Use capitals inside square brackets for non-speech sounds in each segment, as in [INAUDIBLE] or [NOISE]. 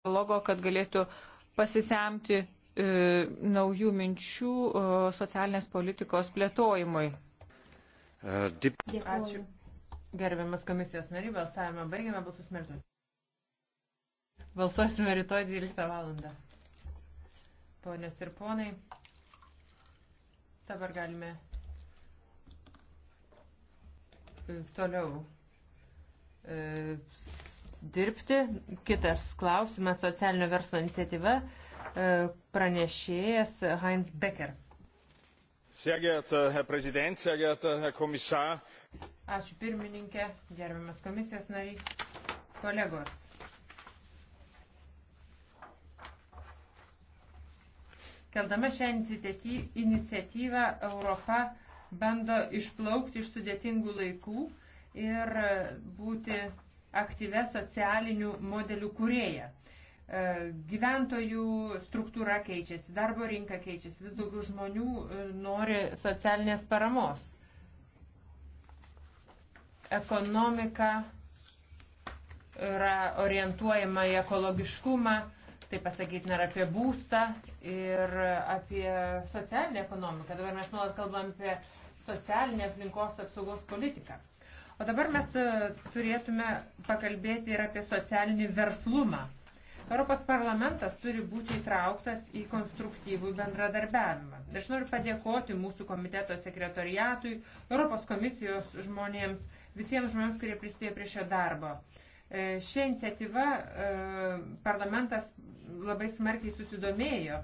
dialogo, kad galėtų pasisemti e, naujų minčių e, socialinės politikos plėtojimui. E, Ačiū. Gerbiamas komisijos nariai, balsavimą baigiame, balsus mirtų. Balsuosime rytoj 12 valandą. Ponios ir ponai, dabar galime e, toliau e, dirbti. Kitas klausimas - socialinio verslo iniciatyva e, pranešėjas Heinz Becker. Sehr geehrter Herr Präsident, sehr geehrter Herr Kommissar. Ačiū pirmininkė, gerbiamas komisijos nariai, kolegos. Keldama šią iniciatyvą Europa bando išplaukti iš sudėtingų laikų ir būti aktyvę socialinių modelių kurėją. E, gyventojų struktūra keičiasi, darbo rinka keičiasi, vis daugiau žmonių e, nori socialinės paramos. Ekonomika yra orientuojama į ekologiškumą, tai pasakytina ir apie būstą, ir apie socialinę ekonomiką. Dabar mes nuolat kalbam apie socialinę aplinkos apsaugos politiką. O dabar mes e, turėtume pakalbėti ir apie socialinį verslumą. Europos parlamentas turi būti įtrauktas į konstruktyvų bendradarbiavimą. Aš noriu padėkoti mūsų komiteto sekretoriatui, Europos komisijos žmonėms, visiems žmonėms, kurie prisidėjo prie šio darbo. E, Šią iniciatyvą e, parlamentas labai smarkiai susidomėjo.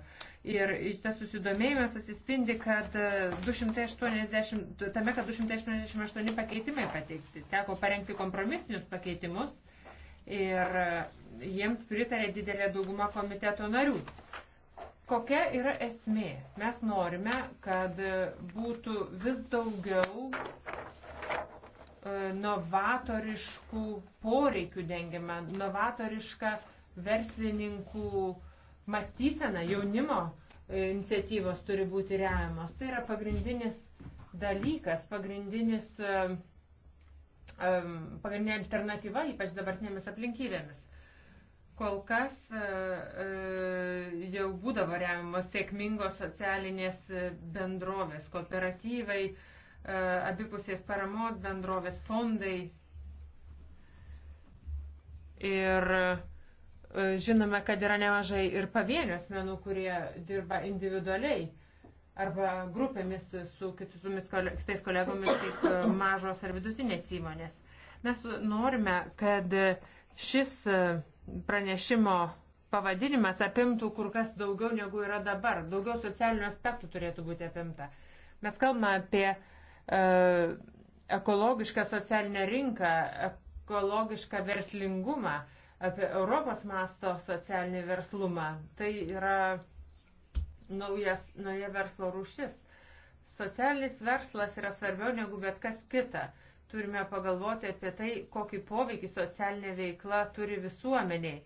Ir tas susidomėjimas atsispindi, kad 280, e, tame, kad 288 pakeitimai pateikti. Teko parengti kompromisinius pakeitimus ir e, jiems pritarė didelė dauguma komiteto narių. Kokia yra esmė? Mes norime, kad e, būtų vis daugiau novatoriškų poreikių dengiama, novatoriška uh, verslininkų mąstysena, jaunimo e, iniciatyvos turi būti remiamos. Tai yra pagrindinis dalykas, pagrindinis, e, e, pagrindinė alternatyva, ypač dabartinėmis aplinkybėmis. Kol kas jau būdavo remiamos sėkmingos socialinės bendrovės, kooperatyvai, abipusės paramos bendrovės, fondai. Ir uh, E, žinome, kad yra nemažai ir pavienių asmenų, kurie dirba individualiai arba grupėmis su kitus, kitais kolegomis, kaip e, mažos ar vidutinės įmonės. Mes norime, kad šis e, pranešimo pavadinimas apimtų kur kas daugiau negu yra dabar. Daugiau socialinių aspektų turėtų būti apimta. Mes kalbame apie e, ekologišką socialinę rinką, ekologišką verslingumą. E, apie Europos masto socialinį verslumą. Tai yra naujas, nauja verslo rūšis. Socialinis verslas yra svarbiau negu bet kas kita. Turime pagalvoti apie tai, kokį poveikį socialinė veikla turi visuomeniai.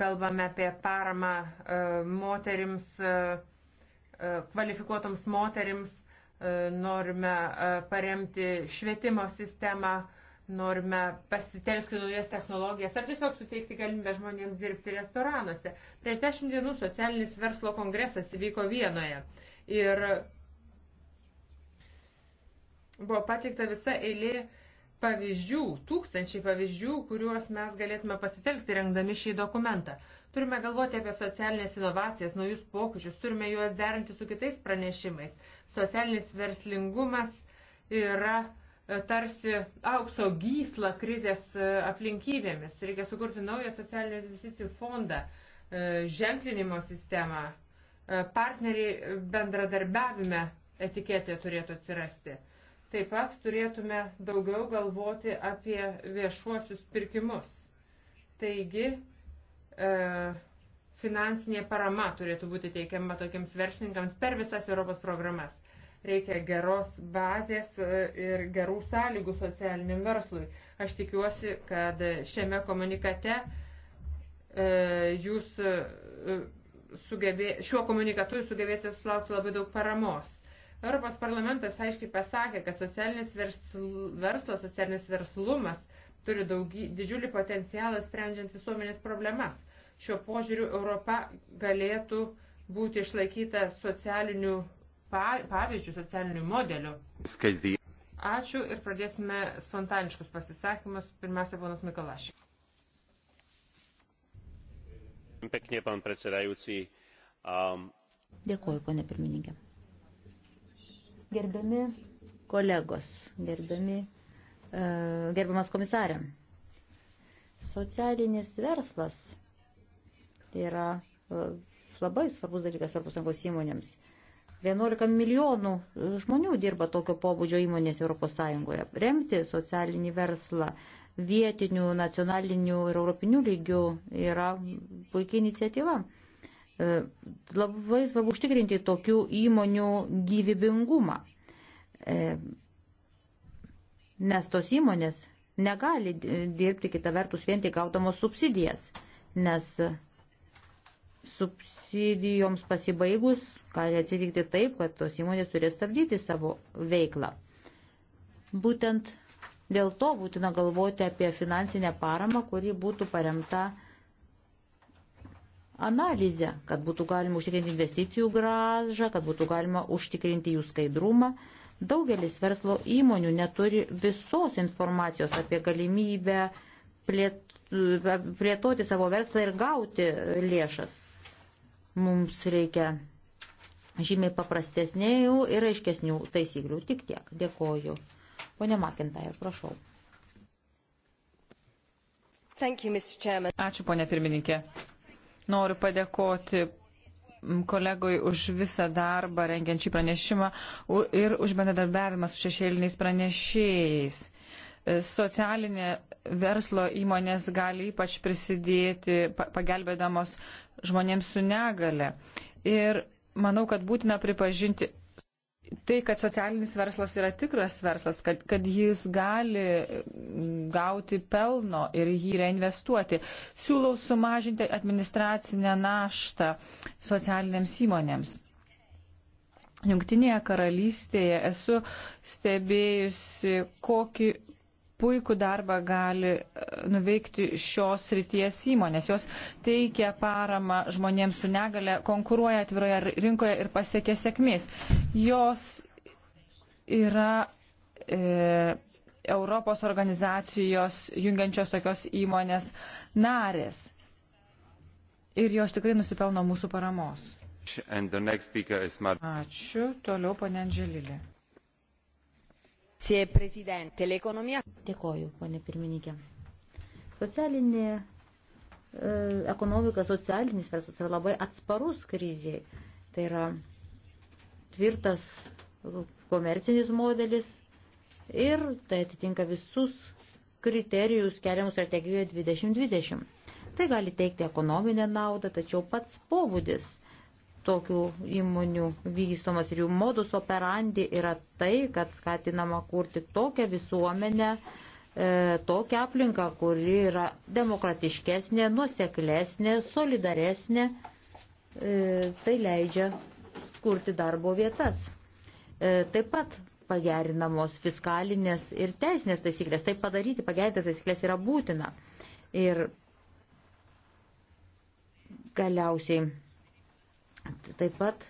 Kalbame apie paramą e, moterims, e, e kvalifikuotoms moterims, e, norime e, paremti švietimo sistemą, e, norime pasitelkti naujas technologijas ar tiesiog suteikti galimybę žmonėms dirbti restoranuose. Prieš dešimt dienų socialinis verslo kongresas įvyko vienoje ir buvo pateikta visa eilė pavyzdžių, tūkstančiai pavyzdžių, kuriuos mes galėtume pasitelkti rengdami šį dokumentą. Turime galvoti apie socialinės inovacijas, naujus pokyčius, turime juos derinti su kitais pranešimais. Socialinis verslingumas yra uh, E, tarsi aukso gysla krizės e, aplinkybėmis. Reikia sukurti naują socialinių investicijų fondą, e, ženklinimo sistemą, partneriai bendradarbiavime etiketė turėtų atsirasti. Taip pat turėtume daugiau galvoti apie viešuosius pirkimus. Taigi, finansinė parama turėtų būti teikiama tokiems verslininkams per visas Europos programas. Reikia geros bazės e, ir gerų sąlygų socialiniam verslui. Aš tikiuosi, kad šiame komunikate e, jūs e, sugebė, šiuo komunikatu jūs sugebėsite sulaukti labai daug paramos. Europos parlamentas aiškiai pasakė, kad socialinis versl, verslas, socialinis verslumas turi daugy, didžiulį potencialą sprendžiant visuomenės problemas. Šiuo požiūriu Europa galėtų būti išlaikyta socialinių pavyzdžių, socialinių modelių. Ačiū ir pradėsime spontaniškus pasisakymus. Pirmiausia, ponas Mikolašė. Pekne, pan predsedajúci. Um... Dėkuoju, ponė pirmininkė. Gerbiami kolegos, gerbiami, uh, gerbiamas komisarė. Socialinis verslas yra uh, labai svarbus dalykas svarbus Sąjungos įmonėms. 11 milijonų e, žmonių dirba tokio pobūdžio įmonės ES. Remti socialinį verslą vietinių, nacionalinių ir europinių lygių yra puikia iniciatyva. E, Labai svarbu užtikrinti tokių įmonių gyvybingumą, e, nes tos įmonės negali dirbti kitą vertus vien tik gautamos subsidijas, nes subsidijoms pasibaigus gali atsitikti taip, kad tos įmonės turės stabdyti savo veiklą. Būtent dėl to būtina galvoti apie finansinę paramą, kuri būtų paremta analizę, kad būtų galima užtikrinti investicijų gražą, kad būtų galima užtikrinti jų skaidrumą. Daugelis verslo įmonių neturi visos informacijos apie galimybę plėtoti savo verslą ir gauti lėšas. Mums reikia žymiai paprastesnių ir aiškesnių taisyklių. Tik tiek. Dėkoju. Pone Makintair, prašau. Thank you, Ačiū, ponė pirmininkė. Noriu padėkoti kolegoj už visą darbą rengiant šį pranešimą ir už bendradarbiavimą su šešėliniais pranešėjais. E, socialinė verslo įmonės gali ypač prisidėti pagelbėdamos žmonėms su negale. Ir manau, kad būtina pripažinti tai, kad socialinis verslas yra tikras verslas, kad, kad jis gali gauti pelno ir jį reinvestuoti. Siūlau sumažinti administracinę naštą socialinėms įmonėms. Junktinėje karalystėje esu stebėjusi, kokį puikų darbą gali e, nuveikti šios ryties įmonės. Jos teikia paramą žmonėms su negale, konkuruoja atviroje rinkoje ir pasiekia sėkmės. Jos yra e, Europos organizacijos jungiančios tokios įmonės narės. Ir jos tikrai nusipelno mūsų paramos. Ačiū. Toliau, ponė Andželilė. Dėkoju, ponė pirmininkė. Socialinė e, ekonomika, socialinis verslas yra labai atsparus kriziai. Tai yra tvirtas komercinis modelis ir tai atitinka visus kriterijus keliamų strategijoje 2020. Tai gali teikti ekonominę naudą, tačiau pats pobūdis tokių įmonių vystomas ir jų modus operandi yra tai, kad skatinama kurti tokią visuomenę, e, tokią aplinką, kuri yra demokratiškesnė, nuoseklesnė, solidaresnė. E, tai leidžia kurti darbo vietas. E, taip pat pagerinamos fiskalinės ir teisinės taisyklės. Tai padaryti, pagerintas taisyklės yra būtina. Ir galiausiai Taip pat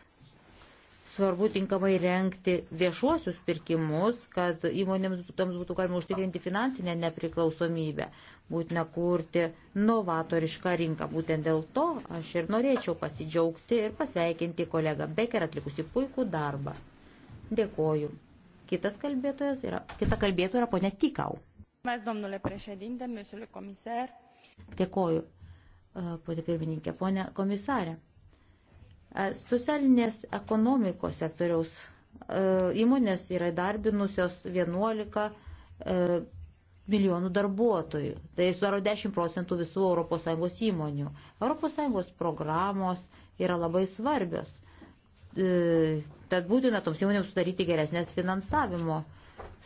svarbu tinkamai renkti viešuosius pirkimus, kad įmonėms būtams būtų galima užtikrinti finansinę nepriklausomybę, būtina kurti novatorišką rinką. Būtent dėl to aš ir norėčiau pasidžiaugti ir pasveikinti kolegą Becker atlikusi puikų darbą. Dėkoju. Kitas kalbėtojas yra, kita kalbėtoja yra ponia Tikau. Mes, domnule prešedinte, mėsiulė komisar. Dėkoju, ponia pirmininkė, ponia komisarė. E, socialinės ekonomikos sektoriaus e, įmonės yra darbinusios 11 e, milijonų darbuotojų. Tai sudaro 10 procentų visų ES įmonių. ES programos yra labai svarbios. Tad būtina toms įmonėms sudaryti geresnės finansavimo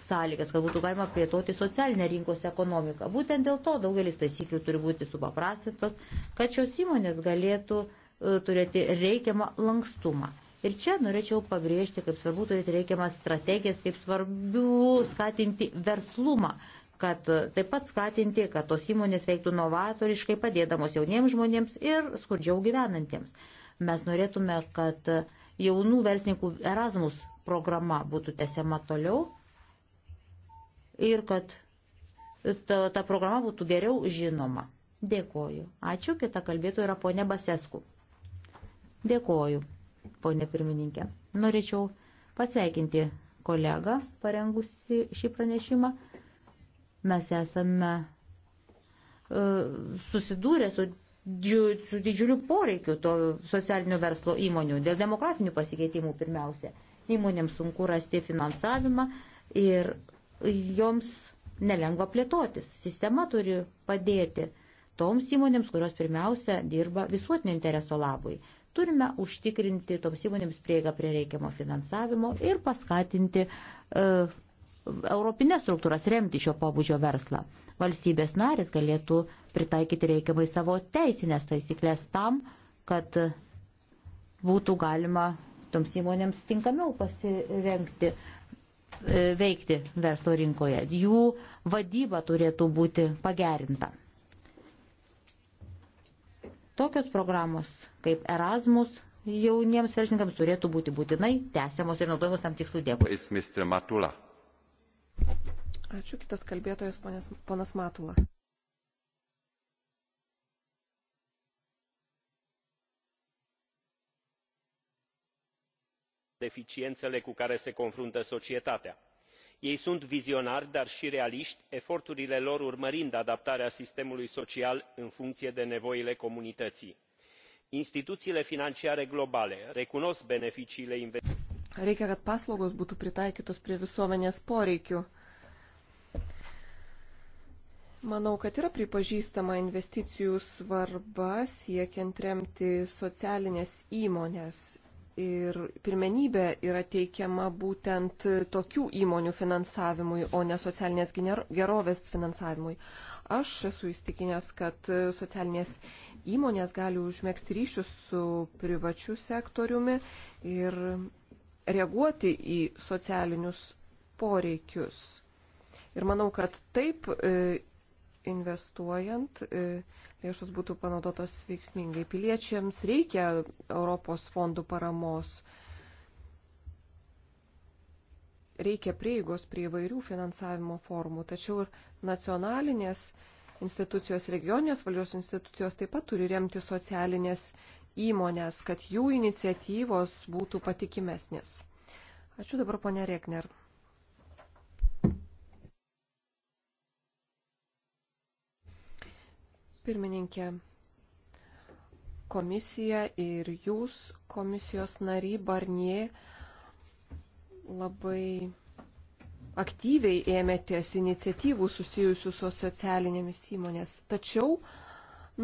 sąlygas, kad būtų galima plėtoti socialinę rinkos ekonomiką. Būtent dėl to daugelis taisyklių turi būti supaprastintos, kad šios įmonės galėtų uh, E, turėti reikiamą lankstumą. Ir čia norėčiau pabrėžti, kaip svarbu turėti reikiamas strategijas, kaip svarbu skatinti verslumą, kad e, taip pat skatinti, kad tos įmonės veiktų novatoriškai, padėdamos jauniems žmonėms ir skurdžiau gyvenantiems. Mes norėtume, kad e, jaunų verslininkų Erasmus programa būtų tęsiama toliau ir kad ta, ta programa būtų geriau žinoma. Dėkoju. Ačiū. Kita kalbėtoja yra ponė Basesku. Dėkoju, ponė pirmininkė. Norėčiau pasveikinti kolegą, parengusi šį pranešimą. Mes esame e, susidūrė su, džiu, su didžiuliu poreikiu to socialinio verslo įmonių, dėl demografinių pasikeitimų pirmiausia. Įmonėms sunku rasti finansavimą ir joms nelengva plėtotis. Sistema turi padėti toms įmonėms, kurios pirmiausia dirba visuotinio intereso labui. Turime užtikrinti toms įmonėms prieigą prie reikiamo finansavimo ir paskatinti uh, europinės struktūras remti šio pobūdžio verslą. Valstybės narės galėtų pritaikyti reikiamai savo teisinės taisyklės tam, kad būtų galima toms įmonėms tinkamiau pasirenkti e, veikti verslo rinkoje. Jų vadyba turėtų būti pagerinta. Tokios programos kaip Erasmus jauniems verslininkams turėtų būti būtinai tęsiamos ir naudojamos tam tikslui. Dėkui. Ačiū kitas kalbėtojas, ponės, ponas Matula. deficiențele cu care se confruntă societatea ei sunt vizionari dar i realiti eforturile lor urmărind adaptarea sistemului social în funcie de nevoile comunităii. instituiile financiare globale recunosc beneficiile investiiilor reikia kad paslaugos būtų pritaikytos prie visuomenės poreikių. Manau, kad yra pripažįstama investicijų svarba siekiant remti socialinės įmonės ir pirmenybė yra teikiama būtent tokių įmonių finansavimui, o ne socialinės gerovės finansavimui. Aš esu įstikinęs, kad socialinės įmonės gali užmėgsti ryšius su privačiu sektoriumi ir reaguoti į socialinius poreikius. Ir manau, kad taip e, investuojant e, lėšos būtų panaudotos veiksmingai. Piliečiams reikia Europos fondų paramos. Reikia prieigos prie įvairių finansavimo formų, tačiau ir nacionalinės institucijos, regioninės valdžios institucijos taip pat turi remti socialinės įmonės, kad jų iniciatyvos būtų patikimesnės. Ačiū dabar, ponė Rekner. Pirmininkė, komisija ir jūs, komisijos nariai Barnie, labai aktyviai ėmėtės iniciatyvų susijusių su socialinėmis įmonės. Tačiau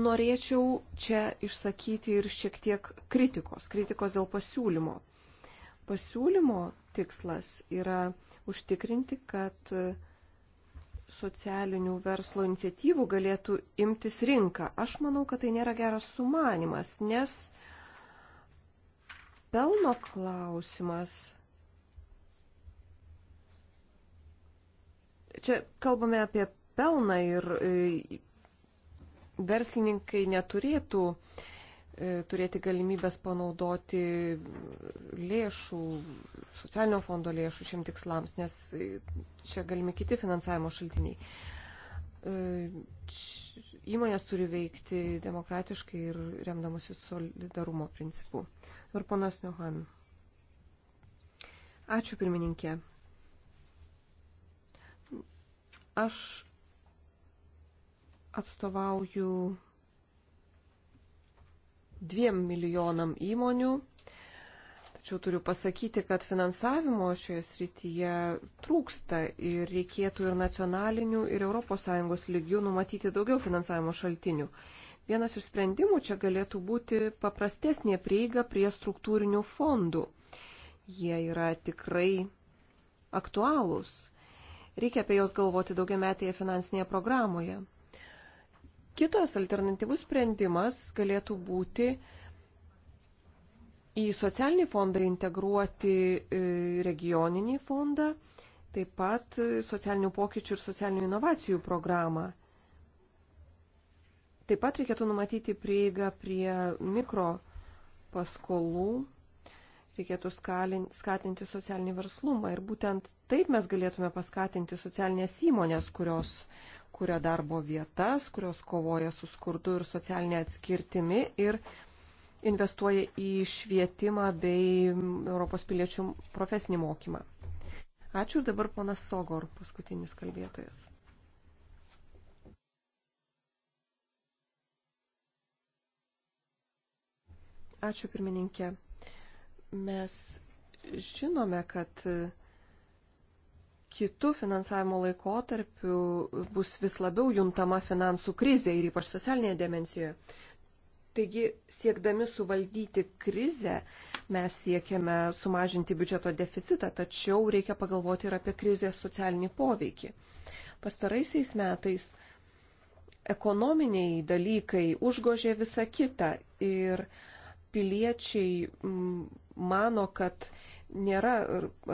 norėčiau čia išsakyti ir šiek tiek kritikos, kritikos dėl pasiūlymo. Pasiūlymo tikslas yra užtikrinti, kad socialinių verslo iniciatyvų galėtų imtis rinka. Aš manau, kad tai nėra geras sumanimas, nes pelno klausimas. Čia kalbame apie pelną ir e, verslininkai neturėtų e, turėti galimybės panaudoti lėšų socialinio fondo lėšų šiem tikslams, nes čia galimi kiti finansavimo šaltiniai. E, įmonės turi veikti demokratiškai ir remdamosi solidarumo principų. Ir ponas Niohan. Ačiū pirmininkė. Aš atstovauju dviem milijonam įmonių Tačiau turiu pasakyti, kad finansavimo šioje srityje trūksta ir reikėtų ir nacionalinių, ir ES lygių numatyti daugiau finansavimo šaltinių. Vienas iš sprendimų čia galėtų būti paprastesnė prieiga prie struktūrinių fondų. Jie yra tikrai aktualūs. Reikia apie juos galvoti daugiametėje finansinėje programoje. Kitas alternatyvus sprendimas galėtų būti į socialinį fondą integruoti e, regioninį fondą, taip pat e, socialinių pokyčių ir socialinių inovacijų programą. Taip pat reikėtų numatyti prieigą prie mikro paskolų, reikėtų skatinti socialinį verslumą ir būtent taip mes galėtume paskatinti socialinės įmonės, kurios kuria darbo vietas, kurios kovoja su skurdu ir socialinė atskirtimi ir atskirtimi investuoja į švietimą bei Europos piliečių profesinį mokymą. Ačiū ir dabar ponas Sogor, paskutinis kalbėtojas. Ačiū pirmininkė. Mes žinome, kad kitų finansavimo laikotarpių bus vis labiau juntama finansų krizė ir ypač socialinėje dimencijoje. Taigi, siekdami suvaldyti krizę, mes siekiame sumažinti biudžeto deficitą, tačiau reikia pagalvoti ir apie krizės socialinį poveikį. Pastaraisiais metais ekonominiai dalykai užgožė visą kitą ir piliečiai mm, mano, kad nėra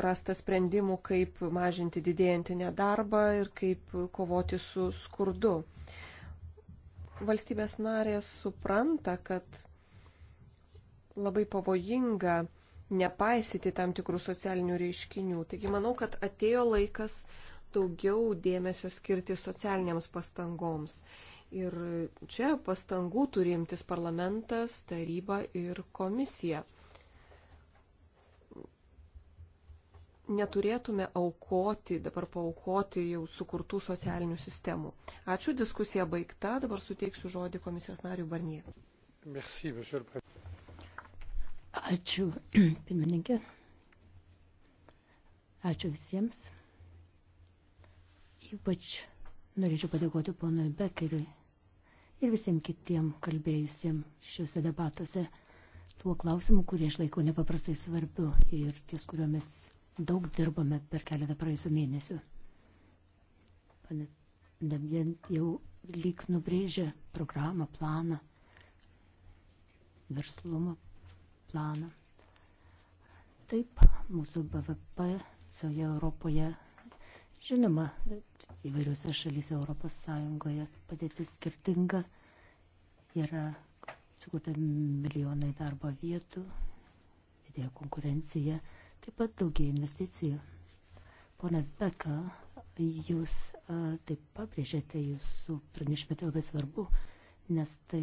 rasta sprendimų, kaip mažinti didėjantį nedarbą ir kaip kovoti su skurdu valstybės narės supranta, kad labai pavojinga nepaisyti tam tikrų socialinių reiškinių. Taigi manau, kad atėjo laikas daugiau dėmesio skirti socialiniams pastangoms. Ir čia pastangų turimtis parlamentas, taryba ir komisija. neturėtume aukoti, dabar paukoti jau sukurtų socialinių sistemų. Ačiū, diskusija baigta, dabar suteiksiu žodį komisijos nariu Barnie. Merci, Ačiū, [CLEARS THROAT] pirmininkė. Ačiū visiems. Ypač norėčiau padėkoti ponui Bekeriui ir visiems kitiem kalbėjusiems šiuose debatuose tuo klausimu, kurį aš laikau nepaprastai svarbiu ir ties kuriuo mes Daug dirbame per keletą praėjusių mėnesių. Pane Damien jau lyg nubrėžė programą, planą, verslumo planą. Taip, mūsų BVP visoje Europoje, žinoma, įvairiuose šalyse Europos Sąjungoje padėtis skirtinga, yra sukurta milijonai darbo vietų, didėja konkurencija, Taip pat daugiai investicijų. Ponas Beka, jūs taip pabrėžėte, jūsų pranešime tai labai svarbu, nes tai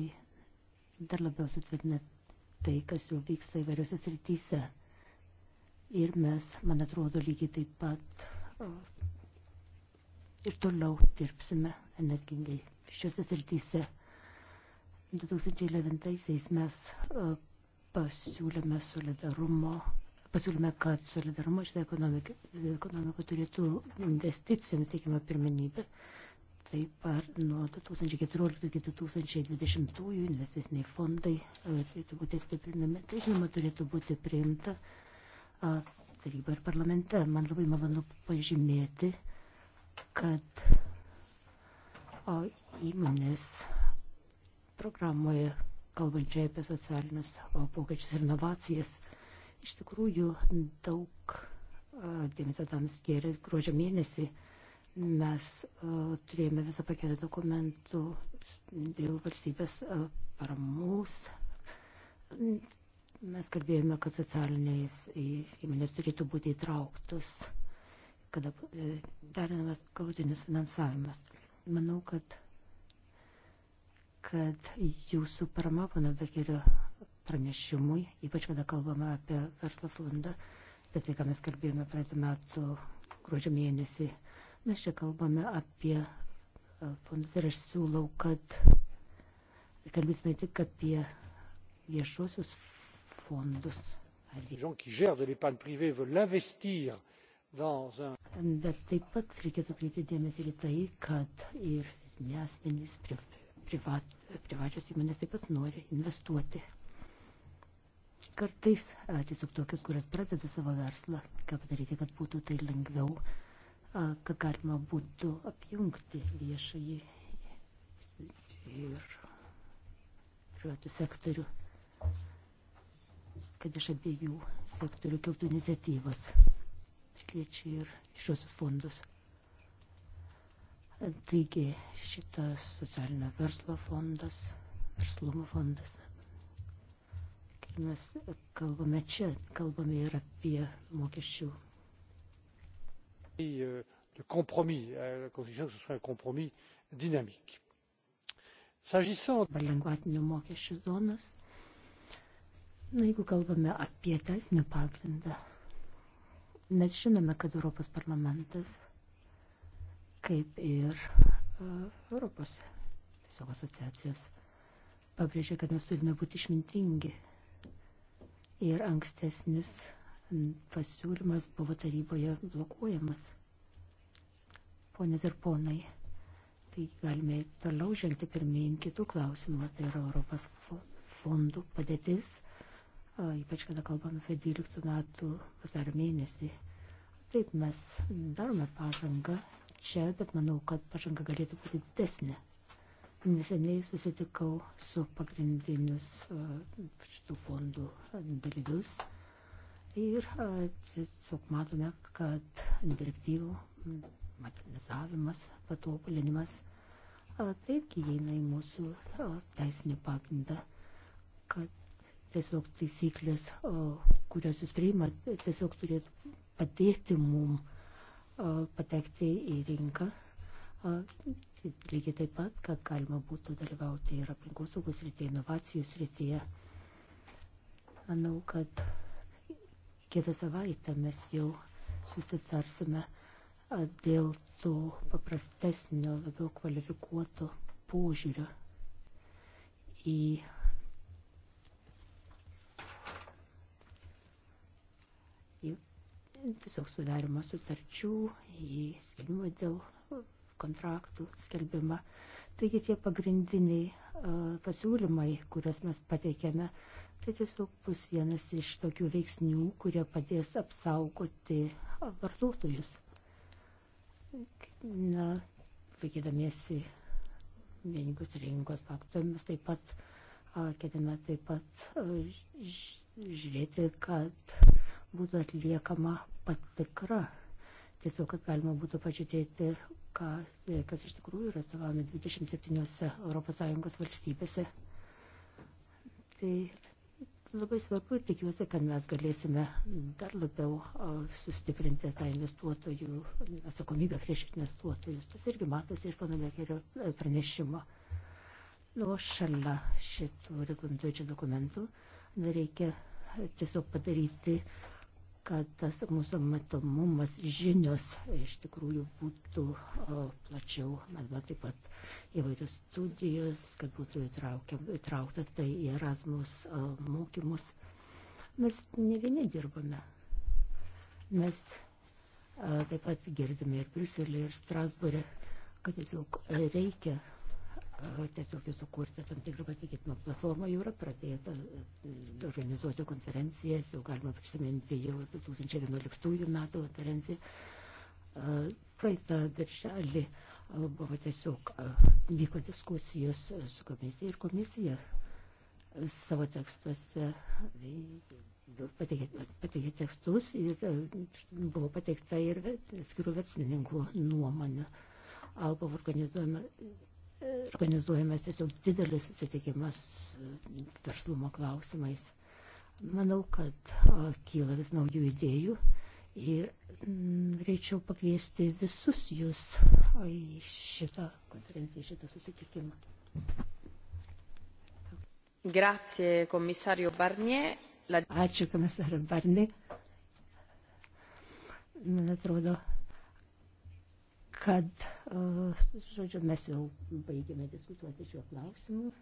dar labiau sutvirtina tai, kas jau vyksta įvairiose srityse. Ir mes, man atrodo, lygiai taip pat ir toliau dirbsime energingai šiuose srityse. 2011 mes pasiūlėme solidarumo pasiūlyme, kad solidarumo šitą ekonomiką, ekonomiką turėtų investicijoms teikiama pirmenybė. Taip pat nuo 2014 iki 2020 investiciniai fondai e, turėtų būti stiprinami. Tai žinoma turėtų būti priimta taryba ir parlamente. Man labai malonu pažymėti, kad o, įmonės programoje kalbančioje apie socialinius pokyčius ir inovacijas Iš tikrųjų, daug dėmesio tam skėrė gruodžio mėnesį. Mes turėjome visą paketą dokumentų dėl valstybės paramos. Mes kalbėjome, kad socialinės įmonės turėtų būti įtrauktos, kada derinamas gautinis finansavimas. Manau, kad, kad jūsų parama, pana Bekerio, pranešimui, ypač kada kalbame apie verslas landą, apie tai, ką mes kalbėjome praeitų metų gruodžio mėnesį. Mes čia kalbame apie e, fondus ir aš siūlau, kad kalbėtume tik apie viešuosius fondus. Bet taip pat reikėtų kreipti dėmesį į tai, kad ir nesmenys privačios įmonės taip pat nori investuoti Kartais a, tiesiog tokius, kurios pradeda savo verslą, ką padaryti, kad būtų tai lengviau, a, kad galima būtų apjungti viešąjį ir privatų sektorių, kad iš abiejų sektorių kiltų iniciatyvos, tai liečia ir šiosius fondus. Taigi šitas socialinio verslo fondas, verslumo fondas mes kalbame čia, kalbame ir apie mokesčių. Kompromis, kompromis dinamik. S'agissant. Lengvatinių mokesčių zonas. Na, jeigu kalbame apie teisinį pagrindą, mes žinome, kad Europos parlamentas, kaip ir uh, Europos tiesiog asociacijos, pabrėžia, kad mes turime būti išmintingi ir ankstesnis pasiūlymas buvo taryboje blokuojamas. Ponės ir ponai, tai galime toliau žengti pirmyn kitų klausimų, tai yra Europos fondų padėtis, ypač kada kalbame apie 12 metų vasario mėnesį. Taip mes darome pažangą čia, bet manau, kad pažanga galėtų būti didesnė. Neseniai susitikau su pagrindinius e, šitų fondų dalyvius ir e, tiesiog matome, kad direktyvų modernizavimas, patobulinimas e, taip įeina į mūsų teisinį pagrindą, kad tiesiog taisyklės, kurios jūs priimat, tiesiog turėtų padėti mum patekti į rinką lygiai taip pat, kad galima būtų dalyvauti ir aplinkosaugos srityje, inovacijų srityje. Manau, kad kitą savaitę mes jau susitarsime dėl to paprastesnio, labiau kvalifikuoto požiūrio į tiesiog sudarimo sutarčių, į skelbimą dėl kontraktų skelbimą. Taigi tie pagrindiniai e, pasiūlymai, kuriuos mes pateikėme, tai tiesiog bus vienas iš tokių veiksnių, kurie padės apsaugoti vartotojus. Na, vaikydamiesi vieningos rinkos faktorimis, taip pat ketiname taip pat žiūrėti, kad būtų atliekama patikra tiesiog, kad galima būtų pažiūrėti, kas, kas iš tikrųjų yra atstovami 27 ES valstybėse. Tai labai svarbu ir tikiuosi, kad mes galėsime dar labiau sustiprinti tą investuotojų atsakomybę prieš investuotojus. Tas irgi matosi iš pono Lekerio e, pranešimo. O šalia šitų reglamentuojančių dokumentų reikia tiesiog padaryti uh, kad tas mūsų matomumas žinios iš tikrųjų būtų o, plačiau, arba taip pat įvairios studijos, kad būtų įtraukia, įtraukta tai į Erasmus o, mokymus. Mes ne vieni dirbame. Mes o, taip pat girdime ir Briuselį, ir Strasbūrį, kad tiesiog reikia tiesiog sukurti tam tikrą pasikeitimą nu, platformą, jau yra pradėta e, organizuoti konferencijas, jau galima prisiminti jau 2011 metų konferenciją. E, praeitą birželį e, buvo tiesiog vyko diskusijos su komisija ir komisija savo tekstuose pateikė tekstus ir buvo pateikta ir skirų verslininkų nuomonė. Alba organizuojama organizuojamas tiesiog didelis susitikimas e, verslumo klausimais. Manau, kad e, kyla vis naujų idėjų ir mm, reičiau pakviesti visus jūs į šitą konferenciją, į šitą susitikimą. Grazie, komisario Barnier. La... Ačiū, komisario Barnier. Man atrodo, kad, e, žodžiu, mes jau baigėme diskutuoti šiuo klausimu.